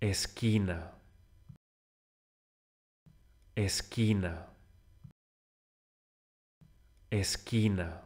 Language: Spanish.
esquina, esquina, esquina.